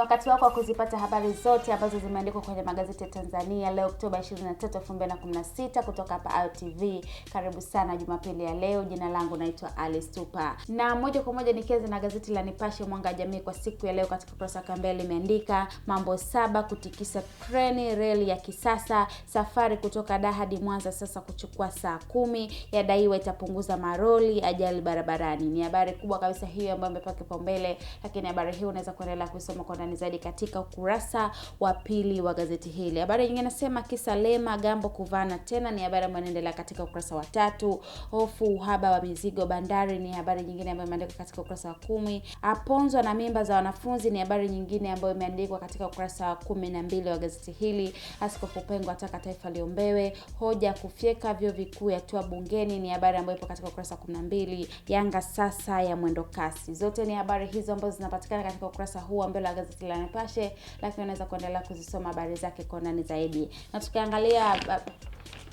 wakati wako wa kuzipata habari zote ambazo zimeandikwa kwenye magazeti ya Tanzania leo Oktoba 23, 2016 kutoka hapa Ayo TV. Karibu sana Jumapili ya leo. Jina langu naitwa Alice Tupa, na moja kwa moja nikianza na gazeti la Nipashe mwanga wa jamii kwa siku ya leo, katika ukurasa wa mbele limeandika mambo saba kutikisa treni, reli ya kisasa, safari kutoka Dar hadi Mwanza sasa kuchukua saa kumi, yadaiwa itapunguza maroli ajali barabarani. Ni habari kubwa kabisa hiyo ambayo imepata kipaumbele, lakini habari hii unaweza kuendelea kusoma kwa undani zaidi katika ukurasa wa pili wa gazeti hili. Habari nyingine nasema kisa Lema Gambo kuvana tena, ni habari ambayo inaendelea katika ukurasa wa tatu. Hofu uhaba wa mizigo bandari, ni habari nyingine ambayo imeandikwa katika ukurasa wa kumi. Aponzwa na mimba za wanafunzi, ni habari nyingine ambayo imeandikwa katika ukurasa wa kumi na mbili wa gazeti hili. Askofu Pengo ataka taifa liombewe, hoja kufyeka vyuo vikuu yatua bungeni, ni habari ambayo ipo katika ukurasa wa kumi na mbili. Yanga sasa ya mwendo kasi, zote ni habari hizo ambazo zinapatikana katika ukurasa huu wa mbele wa gazeti la Nipashe, lakini unaweza kuendelea kuzisoma habari zake kwa undani zaidi, na tukiangalia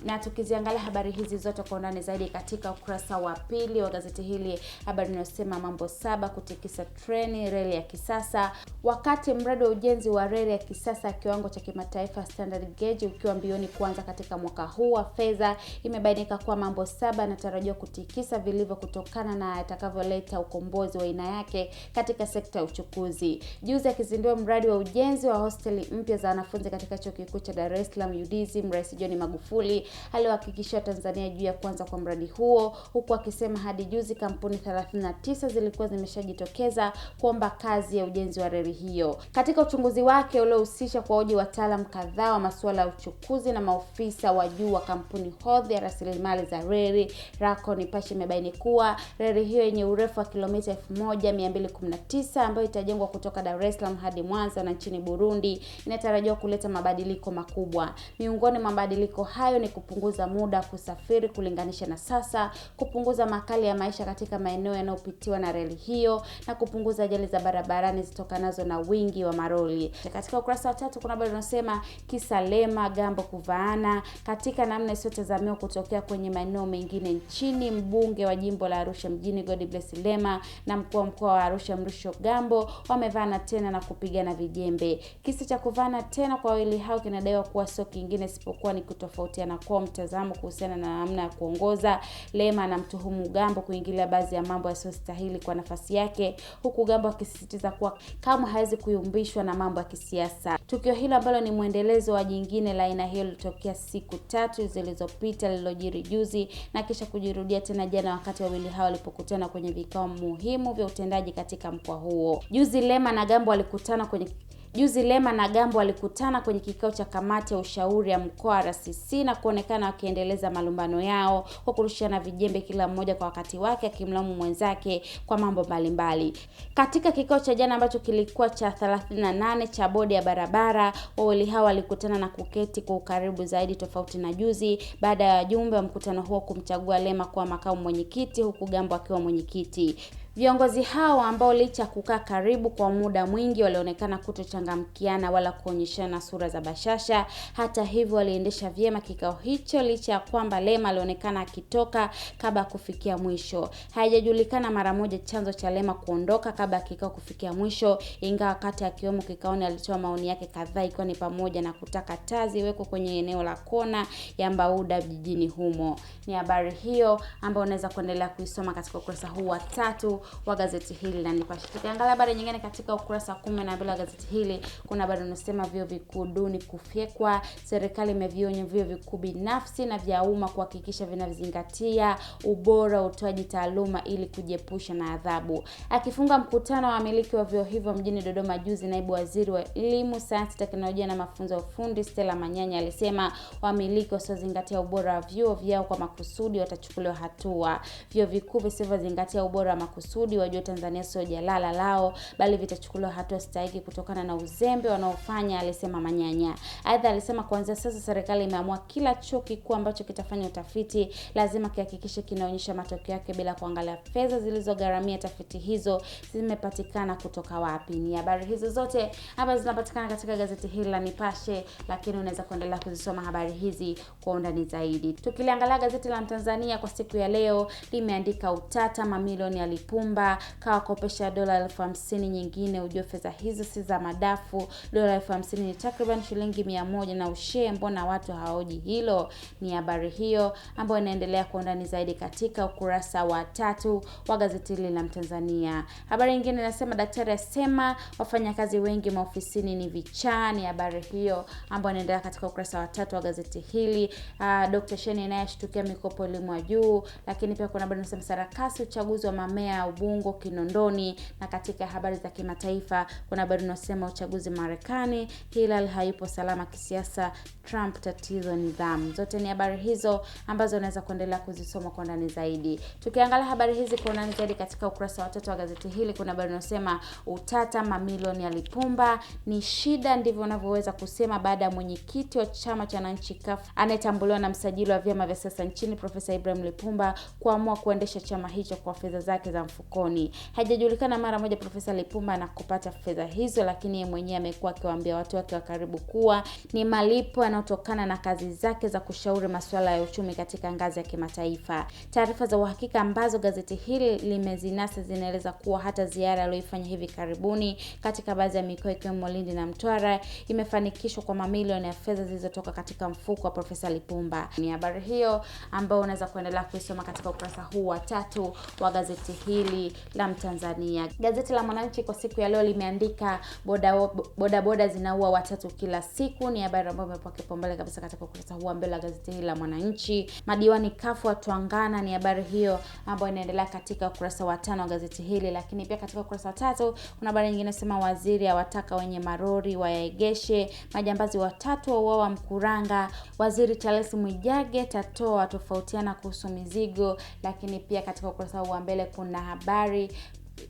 na tukiziangalia habari hizi zote kwa undani zaidi katika ukurasa wa pili wa gazeti hili, habari inayosema mambo saba kutikisa treni reli ya kisasa, wakati mradi wa ujenzi wa reli ya kisasa kiwango cha kimataifa standard gauge ukiwa mbioni kuanza katika mwaka huu wa fedha, imebainika kuwa mambo saba yanatarajiwa kutikisa vilivyo kutokana na yatakavyoleta ukombozi wa aina yake katika sekta ya uchukuzi. Juzi akizindua mradi wa ujenzi wa hosteli mpya za wanafunzi katika chuo kikuu cha Dar es Salaam UDSM, Rais John Magufuli aliyohakikishia Tanzania juu ya kuanza kwa mradi huo, huku akisema hadi juzi kampuni 39 zilikuwa zimeshajitokeza kuomba kazi ya ujenzi wa reli hiyo. Katika uchunguzi wake uliohusisha kwa hoji wataalam kadhaa wa masuala ya uchukuzi na maofisa wa juu wa kampuni hodhi ya rasilimali za reli RACO, Nipashe imebaini kuwa reli hiyo yenye urefu wa kilomita 1219 ambayo itajengwa kutoka Dar es Salaam hadi Mwanza na nchini Burundi inatarajiwa kuleta mabadiliko makubwa. Miongoni mwa mabadiliko hayo ni kupunguza muda kusafiri kulinganisha na sasa, kupunguza makali ya maisha katika maeneo yanayopitiwa na reli hiyo, na kupunguza ajali za barabarani zitokanazo na wingi wa maroli. Katika ukurasa wa tatu kuna habari inasema kisalema Gambo kuvaana katika namna isiyotazamiwa kutokea kwenye maeneo mengine nchini. Mbunge wa jimbo la Arusha mjini Godbless Lema na mkuu wa mkoa wa Arusha Mrisho Gambo wamevaana tena na kupigana vijembe. Kisa cha kuvaana tena kwa wawili hao kinadaiwa kuwa sio kingine isipokuwa ni kutofautiana kuchukua mtazamo kuhusiana na namna ya kuongoza. Lema anamtuhumu Gambo kuingilia baadhi ya mambo yasiyostahili kwa nafasi yake, huku Gambo akisisitiza kuwa kamwe hawezi kuyumbishwa na mambo ya kisiasa. Tukio hilo ambalo ni mwendelezo wa jingine la aina hiyo lilitokea siku tatu zilizopita lililojiri juzi na kisha kujirudia tena jana wakati wawili hao walipokutana kwenye vikao muhimu vya utendaji katika mkoa huo. Juzi Lema na Gambo walikutana kwenye Juzi Lema na Gambo walikutana kwenye kikao cha kamati ya ushauri ya mkoa RCC na kuonekana wakiendeleza malumbano yao kwa kurushiana vijembe, kila mmoja kwa wakati wake akimlaumu mwenzake kwa mambo mbalimbali. Katika kikao cha jana ambacho kilikuwa cha 38 cha bodi ya barabara, wawili hao walikutana na kuketi kwa ukaribu zaidi tofauti na juzi, baada ya wajumbe wa mkutano huo kumchagua Lema kuwa makamu mwenyekiti huku Gambo akiwa mwenyekiti. Viongozi hao ambao licha ya kukaa karibu kwa muda mwingi walionekana kutochangamkiana wala kuonyeshana sura za bashasha. Hata hivyo, waliendesha vyema kikao hicho licha ya kwamba Lema alionekana akitoka kabla kufikia mwisho. Haijajulikana mara moja chanzo cha Lema kuondoka kabla kikao kufikia mwisho, ingawa wakati akiwemo kikaoni alitoa maoni yake kadhaa, ikiwa ni pamoja na kutaka taa ziwekwe kwenye eneo la kona ya Mbauda jijini humo. Ni habari hiyo ambayo unaweza kuendelea kuisoma katika ukurasa huu wa tatu wa gazeti hili la Nipashe. Tukiangalia habari nyingine katika ukurasa kumi na mbili wa gazeti hili, kuna habari unasema vyuo vikuu duni kufyekwa, serikali imevionya vyuo vikuu binafsi na vya umma kuhakikisha vinazingatia ubora utoaji taaluma ili kujiepusha na adhabu. Akifunga mkutano wa wamiliki wa vyuo hivyo mjini Dodoma juzi, naibu waziri wa elimu, sayansi, teknolojia na mafunzo ya ufundi Stella Manyanya alisema wamiliki wasiozingatia ubora wa vyuo vyao kwa makusudi watachukuliwa hatua. Vyuo vikuu visivyozingatia ubora wa makusudi makusudi, wajue Tanzania sio jalala lao, bali vitachukuliwa hatua stahiki kutokana na uzembe wanaofanya, alisema Manyanya. Aidha alisema kuanzia sasa serikali imeamua kila chuo kikuu ambacho kitafanya utafiti lazima kihakikishe kinaonyesha matokeo yake bila kuangalia fedha zilizogharamia tafiti hizo zimepatikana kutoka wapi. Ni habari hizo zote hapa zinapatikana katika gazeti hili la Nipashe, lakini unaweza kuendelea kuzisoma habari hizi kwa undani zaidi. Tukiliangalia gazeti la Mtanzania kwa siku ya leo limeandika utata mamilioni ya Lipumba nyumba, kawakopesha dola elfu hamsini nyingine. Ujue fedha hizo si za madafu. Dola elfu hamsini ni takriban shilingi mia moja na ushee. Mbona watu hawaoji hilo? Ni habari hiyo ambayo inaendelea kwa undani zaidi katika ukurasa wa tatu wa gazeti hili la Mtanzania. Habari nyingine inasema daktari asema wafanyakazi wengi maofisini ni vichaa. Ni habari hiyo ambayo inaendelea katika ukurasa wa tatu wa gazeti hili. Uh, ah, Dr. Sheni naye ashtukia mikopo elimu ya juu, lakini pia kuna habari inasema sarakasi uchaguzi wa mamea na Ubungo, Kinondoni. Na katika habari za kimataifa kuna habari inasema uchaguzi Marekani, Hillary haipo salama kisiasa, Trump tatizo nidhamu. Zote ni habari hizo ambazo unaweza kuendelea kuzisoma kwa ndani zaidi. Tukiangalia habari hizi kwa undani zaidi katika ukurasa wa tatu wa gazeti hili, kuna habari inasema utata mamilioni ya Lipumba ni shida, ndivyo unavyoweza kusema baada ya mwenyekiti wa chama cha wananchi CUF anayetambuliwa na msajili wa vyama vya siasa nchini Profesa Ibrahim Lipumba kuamua kuendesha chama hicho kwa fedha zake za mfuko mfukoni. Haijajulikana mara moja Profesa Lipumba na kupata fedha hizo, lakini yeye mwenyewe amekuwa akiwaambia watu wake wa karibu kuwa ni malipo yanayotokana na kazi zake za kushauri masuala ya uchumi katika ngazi ya kimataifa. Taarifa za uhakika ambazo gazeti hili limezinasa zinaeleza kuwa hata ziara aliyoifanya hivi karibuni katika baadhi ya mikoa ikiwemo Lindi na Mtwara imefanikishwa kwa mamilioni ya fedha zilizotoka katika mfuko wa Profesa Lipumba. Ni habari hiyo ambayo unaweza kuendelea kuisoma katika ukurasa huu wa tatu wa gazeti hili hili la Mtanzania. Gazeti la Mwananchi kwa siku ya leo limeandika bodaboda boda boda zinaua watatu kila siku, ni habari ambayo imepewa kipaumbele kabisa katika ukurasa huu wa mbele wa gazeti hili la Mwananchi. Madiwani kafu watwangana, ni habari hiyo ambayo inaendelea katika ukurasa wa tano wa gazeti hili, lakini pia katika ukurasa wa tatu kuna habari nyingine sema waziri awataka wenye marori wayaegeshe, majambazi watatu wauawa wa Mkuranga, waziri Charles Mwijage tatoa tofautiana kuhusu mizigo, lakini pia katika ukurasa huu wa mbele kuna habari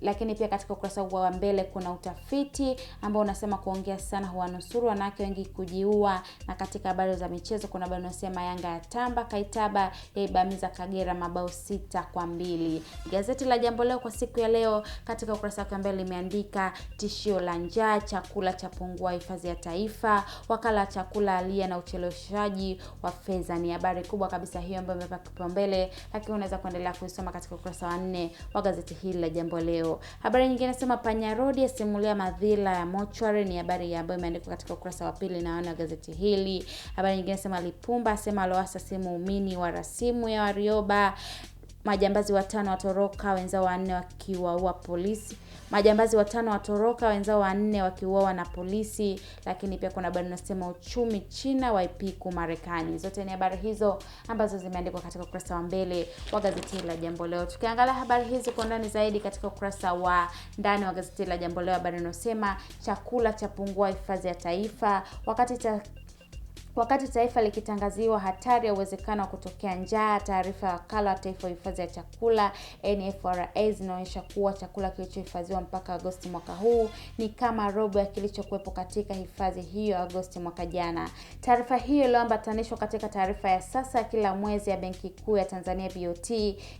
lakini pia katika ukurasa wa mbele kuna utafiti ambao unasema kuongea sana huwanusuru wanawake wengi kujiua. Na katika habari za michezo kuna habari inasema Yanga ya tamba Kaitaba yaibamiza Kagera mabao sita kwa mbili. Gazeti la Jambo Leo kwa siku ya leo katika ukurasa wake wa mbele limeandika tishio la njaa, chakula cha pungua hifadhi ya taifa, wakala wa chakula alia na ucheleweshaji wa fedha. Ni habari kubwa kabisa hiyo ambayo imepewa kipaumbele, lakini unaweza kuendelea kuisoma katika ukurasa wa nne wa gazeti hili la Jambo Leo leo. Habari nyingine nasema Panya Road yasimulia madhila ya mochwari, ni habari ambayo imeandikwa katika ukurasa wa pili naona gazeti hili. Habari nyingine nasema Lipumba asema Lowassa si muumini wa rasimu ya Warioba. Majambazi watano watoroka wenzao wanne wakiwaua polisi. Majambazi watano watoroka wenzao wanne wakiuawa na polisi. Lakini pia kuna habari inasema uchumi China waipiku Marekani. Zote ni habari hizo ambazo zimeandikwa katika ukurasa wa mbele wa gazeti la Jambo Leo. Tukiangalia habari hizi kwa ndani zaidi katika ukurasa wa ndani wa gazeti la Jambo Leo, habari inasema chakula chapungua hifadhi ya taifa wakati cha Wakati taifa likitangaziwa hatari ya uwezekano wa kutokea njaa, taarifa ya wakala wa taifa wa hifadhi ya chakula NFRA zinaonyesha kuwa chakula kilichohifadhiwa mpaka Agosti mwaka huu ni kama robo ya kilichokuwepo katika hifadhi hiyo Agosti mwaka jana. Taarifa hiyo iliyoambatanishwa katika taarifa ya sasa ya kila mwezi ya Benki Kuu ya Tanzania BOT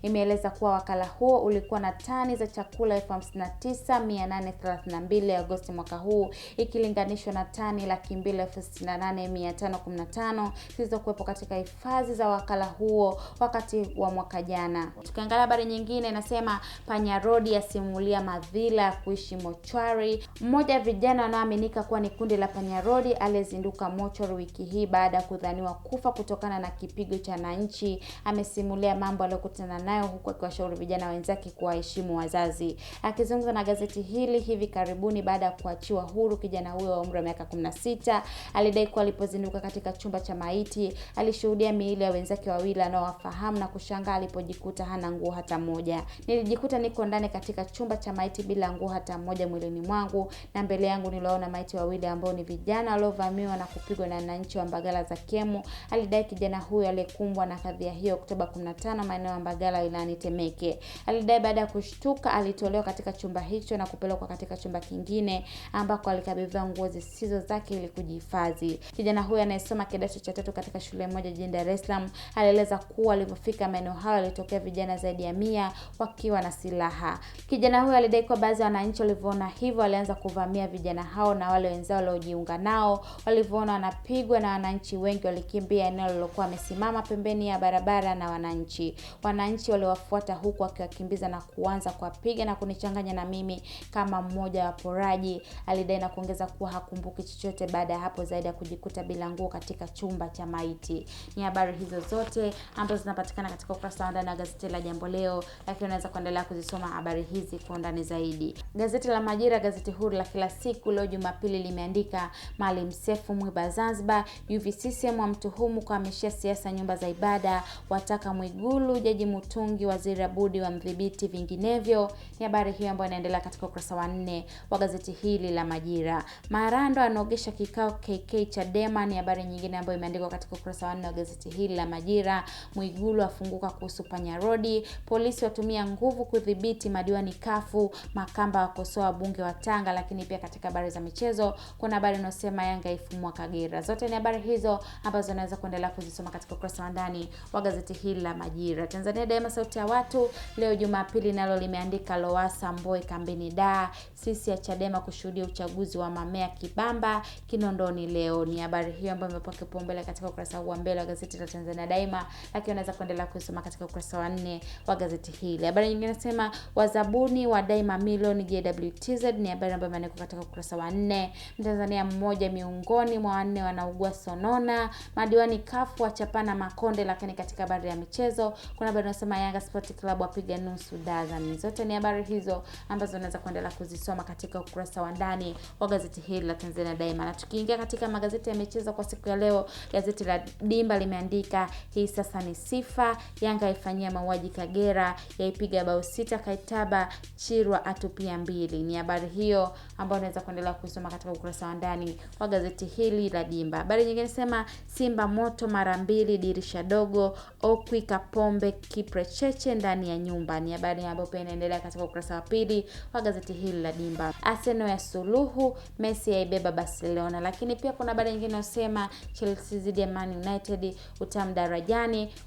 imeeleza kuwa wakala huo ulikuwa na tani za chakula 59832 Agosti mwaka huu ikilinganishwa na tani laki mbili elfu sitini na nane mia tano 15 zilizokuwepo katika hifadhi za wakala huo wakati wa mwaka jana. Tukiangalia habari nyingine inasema panyarodi yasimulia madhila ya kuishi mochwari. Mmoja wa vijana wanaoaminika kuwa ni kundi la panyarodi aliyezinduka mochwari wiki hii baada ya kudhaniwa kufa kutokana na kipigo cha nanchi amesimulia mambo aliyokutana nayo huku akiwashauri vijana wenzake kuwaheshimu wazazi. Akizungumza na gazeti hili hivi karibuni baada ya kuachiwa huru, kijana huyo wa umri wa miaka 16 alidai kuwa alipozinduka katika chumba cha maiti alishuhudia miili ya wenzake wawili anaowafahamu na kushangaa alipojikuta hana nguo hata moja. Nilijikuta niko ndani katika chumba cha maiti bila nguo hata moja mwilini mwangu, na mbele yangu niliwaona maiti wawili ambao ni vijana waliovamiwa na kupigwa na wananchi wa Mbagala za Kemu, alidai kijana huyo aliyekumbwa na kadhia hiyo Oktoba 15 maeneo ya Mbagala wilayani Temeke. Alidai baada ya kushtuka alitolewa katika chumba hicho na kupelekwa katika chumba kingine ambako alikabidhiwa nguo zisizo zake ili kujihifadhi. Kijana huyo anayesoma kidato cha tatu katika shule moja jijini Dar es Salaam alieleza kuwa alipofika maeneo hayo walitokea vijana zaidi ya mia wakiwa na silaha. Kijana huyo alidai kuwa baadhi ya wananchi walivyoona hivyo walianza kuvamia vijana hao na wale wenzao waliojiunga nao walivyoona wanapigwa na wananchi wengi walikimbia eneo lilokuwa wamesimama pembeni ya barabara na wananchi. Wananchi waliwafuata huku wakiwakimbiza na kuanza kuwapiga na kunichanganya na mimi kama mmoja wa poraji, alidai na kuongeza kuwa hakumbuki chochote baada ya hapo zaidi ya kujikuta bila nguo huo katika chumba cha maiti. Ni habari hizo zote ambazo zinapatikana katika ukurasa wa ndani wa gazeti la Jambo Leo, lakini unaweza kuendelea kuzisoma habari hizi kwa undani zaidi. Gazeti la Majira, gazeti huru la kila siku, leo Jumapili limeandika Maalim Seif mwiba Zanzibar, UVCCM wamtuhumu kuhamishia siasa nyumba za ibada, wataka Mwigulu, Jaji Mutungi, Waziri Abudi wamdhibiti vinginevyo. Ni habari hiyo ambayo inaendelea katika ukurasa wa nne wa gazeti hili la Majira. Marando anaogesha kikao KK Chadema, ni habari habari nyingine ambayo imeandikwa katika ukurasa wa nne wa gazeti hili la Majira. Mwigulu afunguka kuhusu panya rodi. Polisi watumia nguvu kudhibiti madiwani kafu. Makamba wakosoa wabunge wa Tanga. Lakini pia katika habari za michezo kuna habari inayosema Yanga ifumua Kagera. Zote ni habari hizo ambazo unaweza kuendelea kuzisoma katika ukurasa wa ndani wa gazeti hili la Majira. Tanzania Daima, sauti ya watu, leo Jumapili nalo limeandika Lowassa Mbowe kambini da sisi ya Chadema kushuhudia uchaguzi wa mamea Kibamba Kinondoni leo. Ni habari hiyo ambayo ambayo imepewa kipaumbele katika ukurasa wa mbele wa gazeti la Tanzania Daima, lakini unaweza kuendelea kusoma katika ukurasa wa nne wa gazeti hili. Habari nyingine nasema wazabuni wa Daima milioni JWTZ ni habari ambayo imeandikwa katika ukurasa wa nne. Mtanzania mmoja miongoni mwa wanne wanaugua sonona. Madiwani kafu wachapana makonde. Lakini katika habari ya michezo kuna habari inasema Yanga Sport Club wapiga nusu dazani. Zote ni habari hizo ambazo unaweza kuendelea kuzisoma katika ukurasa wa ndani wa gazeti hili la Tanzania Daima, na tukiingia katika magazeti ya michezo kwa siku siku ya leo gazeti la Dimba limeandika hii sasa ni sifa, Yanga ifanyia mauaji Kagera, yaipiga bao sita Kaitaba, Chirwa atupia mbili. Ni habari hiyo ambayo unaweza kuendelea kusoma katika ukurasa wa ndani wa gazeti hili la Dimba. Habari nyingine sema Simba moto mara mbili, dirisha dogo, Okwi Kapombe Kiprecheche ndani ya nyumba. Ni habari ambayo pia inaendelea katika ukurasa wa pili wa gazeti hili la Dimba. Arsenal ya suluhu, Messi yaibeba Barcelona. Lakini pia kuna habari nyingine inasema Chelsea dhidi ya Man United utamu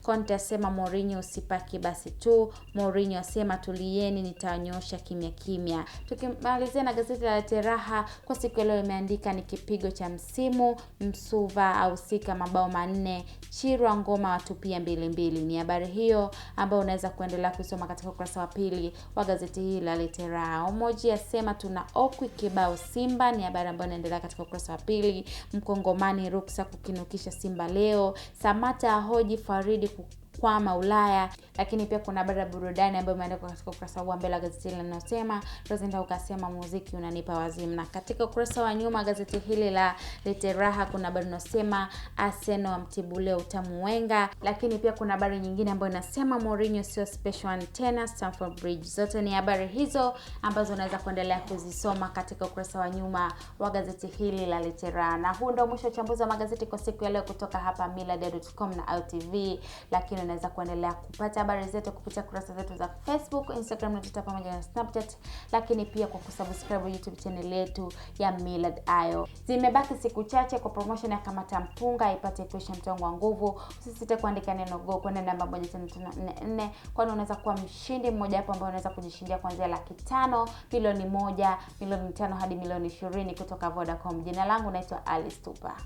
Conte asema Mourinho usipaki basi tu. Mourinho asema tulieni, nitawanyosha kimya kimya. Tukimalizia na gazeti la Teraha kwa siku ya leo imeandika ni kipigo cha msimu, Msuva ahusika mabao manne, Chirwa Ngoma watupia mbili mbili. Ni habari hiyo ambayo unaweza kuendelea kusoma katika ukurasa wa pili wa gazeti hili la Teraha. Omoji asema tuna okwi kibao Simba, ni habari ambayo inaendelea katika ukurasa wa pili. Mkongomani Rux kabisa kukinukisha Simba leo. Samata ahoji Faridi tunapokwama Ulaya. Lakini pia kuna habari ya burudani ambayo imeandikwa katika ukurasa wa mbele wa gazeti hili linasema, Rozinda ukasema muziki unanipa wazimu. Na katika ukurasa wa nyuma gazeti hili la Literaha kuna habari inasema Arsenal amtibulia utamu Wenga, lakini pia kuna habari nyingine ambayo inasema Mourinho sio special antenna Stamford Bridge. Zote ni habari hizo ambazo unaweza kuendelea kuzisoma katika ukurasa wa nyuma wa gazeti hili la Literaha, na huu ndio mwisho wa uchambuzi wa magazeti kwa siku ya leo kutoka hapa millardayo.com na ITV, lakini unaweza kuendelea kupata habari zetu kupitia kurasa zetu za Facebook, Instagram na Twitter pamoja na Snapchat, lakini pia kwa kusubscribe YouTube channel yetu ya Millard Ayo. Zimebaki siku chache kwa promotion ya Kamata Mpunga ipate kuisha mtongo wa nguvu. Usisite kuandika neno go kwenda namba 15544 kwani unaweza kuwa mshindi mmoja hapo ambaye unaweza kujishindia kuanzia laki tano, milioni moja, milioni tano hadi milioni ishirini kutoka Vodacom. Jina langu naitwa Alice Tupa.